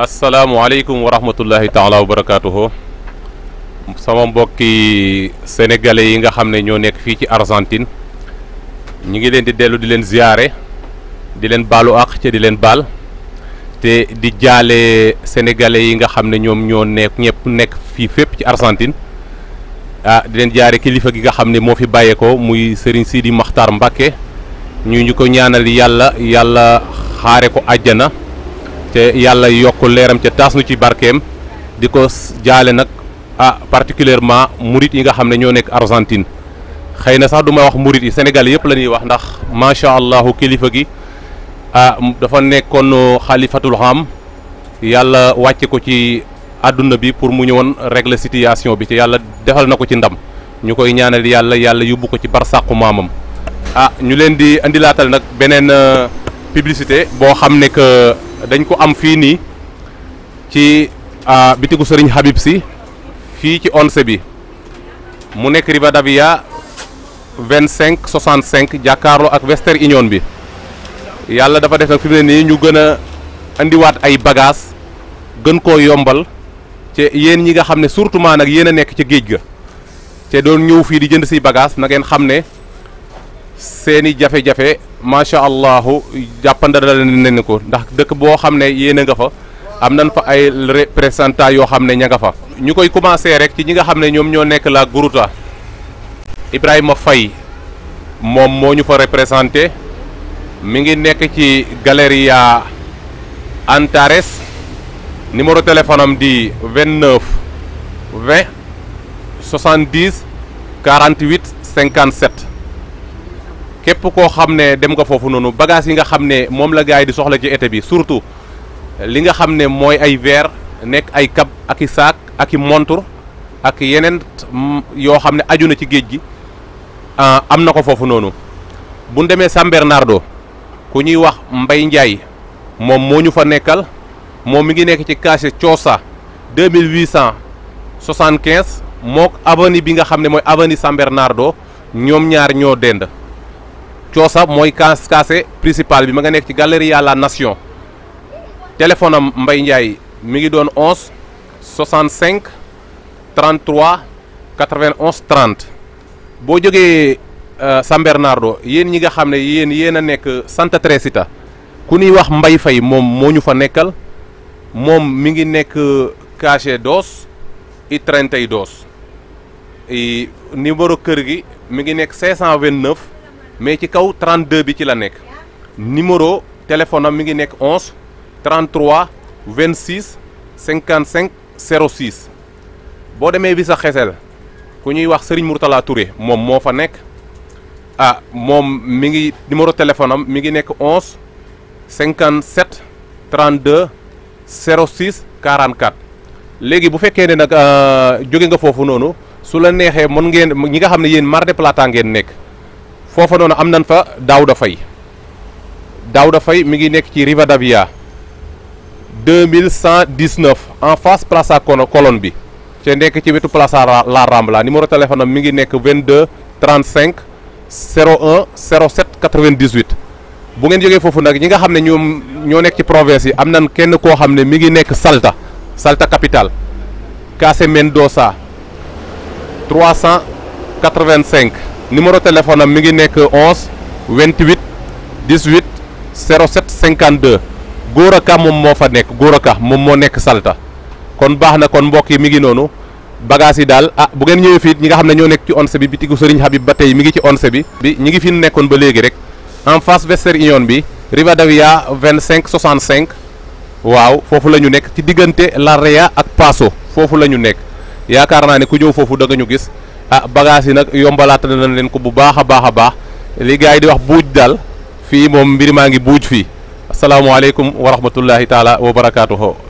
asalaamualeykum wa rahmatullahi taala wa barakaatuhu sama mbokki sénégalais yi nga xam ne ñoo nekk fii ci Argentine ñu ngi leen di dellu di leen ziyaare di leen baalu ak ca di leen baal te di jaale sénégalais yi nga xam ne ñoom ñoo nekk ñëpp nekk fii fépp ci Argentine ah di leen jaare kilifa gi nga xam ne moo fi bàyyeekoo muy Serigne Sidi Makhtar Mbacké ñu ñu ko ñaanal yàlla yàlla xaare ko àjjana te yàlla yokk leeram ca taas nu ci barkeem di ko jaale nag ah particulièrement murit yi nga xam ne ñoo nekk Argentine xëy na sax du ma wax murit yi Sénégal yëpp la ñuy wax ndax macha allahu kilifa gi ah dafa nekkoon uh, xalifatul xam yàlla wàcce ko ci àdduna bi pour mu ñëwoon régler situation bi ci yàlla defal na ko ci ndam ñu koy ñaanal yàlla yàlla yóbbu ko ci barsàqu maamam ah ñu leen di indilaatal nag beneen uh, publicité boo xam ne dañ ko am fii nii ci bitigu sëriñ Habib si fii ci onse bi mu nekk Rivadavia 25 65 jàkkaarloo ak Western Union bi yàlla dafa def nag fi mu ne nii ñu gën a indiwaat ay bagages gën koo yombal ci yéen ñi nga xam ne surtout maa nag yéen a nekk ci géej ga te doon ñëw fii di jënd siy bagage na ngeen xam ne. seeni jafe-jafe macha allah jàppandalal nañ ko ndax dëkk boo xam ne yéen a nga fa am nañ fa ay représentants yoo xam ne ña nga fa. ñu koy commencé rek ci ñi nga xam ne ñoom ñoo nekk laa Gourouta Ibrahima Faye moom moo ñu fa représenté mi ngi nekk ci galeria Antares numéro téléphone am di 29 20 70 48 képp koo xam ne dem nga foofu noonu bagage yi nga xam ne moom la gars yi di soxla ci été bi surtout li nga xam ne mooy ay verre nekk ay kab aki i saak ak i montre ak yeneen yoo xam ne aju na ci géej gi ah, am na ko foofu noonu bu ñu demee San Bernardo ku ñuy wax Mbay Njaay moom moo ñu fa nekkal moom mi ngi nekk ci cachet Cosa 2875 mook avenue bi nga xam ne mooy avenue San Bernardo ñoom ñaar ñoo dend coosa mooy casse casse principal bi ma nga nekk ci galerie à la nation téléphone am Mbaye Ndiaye mi ngi doon 11 65 33 91 30 boo jógee euh, San Bernardo yéen ñi nga xam ne yéen yéen a nekk Santa Teresita ku nuy wax mbay fay moom moo ñu fa nekkal moom mi ngi nekk euh, cachet dos i 32 dos numéro kër gi mu ngi nekk 529. mais ci kaw 32 bi ci la nekk numéro téléphone am mi ngi nekk 11 33 26 sero 06 boo demee bi sa xesel ku ñuy wax Serigne Mourtala moom moo fa nekk ah moom mi ngi numéro téléphone mi ngi nekk 11 57 32 06 44 léegi bu fekkee ne nag euh, jóge nga foofu noonu su la neexee mën ngeen ñi nga xam ne yéen Mar del Plata ngeen nekk. foofa noonu am nañ fa daaw Daouda daaw da Faye mi ngi nekk ci Rivadavia deux mille cent dix-neuf en face Plaza Colonne bi te nekk ci wetu Plaza La Rambla numéro téléphone mi ngi nekk 22 35 01 07 98 bu ngeen jógee foofu nag ñi nga xam ne ñoom ñoo nekk ci province yi am nañ kenn koo xam ne mi ngi nekk Salta Salta capitale Case Mendoza 385 numéro téléphone am mi ngi nekk sero 28 18 07 52 a Ka moom moo fa nekk Gora Ka moom moo nekk Salta kon baax na kon mbokk yi mi ngi noonu bagages yi daal ah bu ngeen ñëwee fii ñi nga xam ne ñoo nekk ci onse bi bitigu Serigne Habib ba tey mi ngi ci onse bi. bi ñi ngi fi nekkoon ba léegi rek en face Western Union bi Rivadavia 25 65 waaw foofu la ñu nekk ci diggante Larea ak Paso foofu la ñu nekk yaakaar naa ne ku ñëw foofu da nga ñu gis. ah bagage yi nag yombalaatale nañ leen ko bu baax a baax a baax li gars yi di wax buuj daal fii moom mbir maa ngi buuj fii asalaamaaleykum wa rahmatullahi taala wa barakaatuhu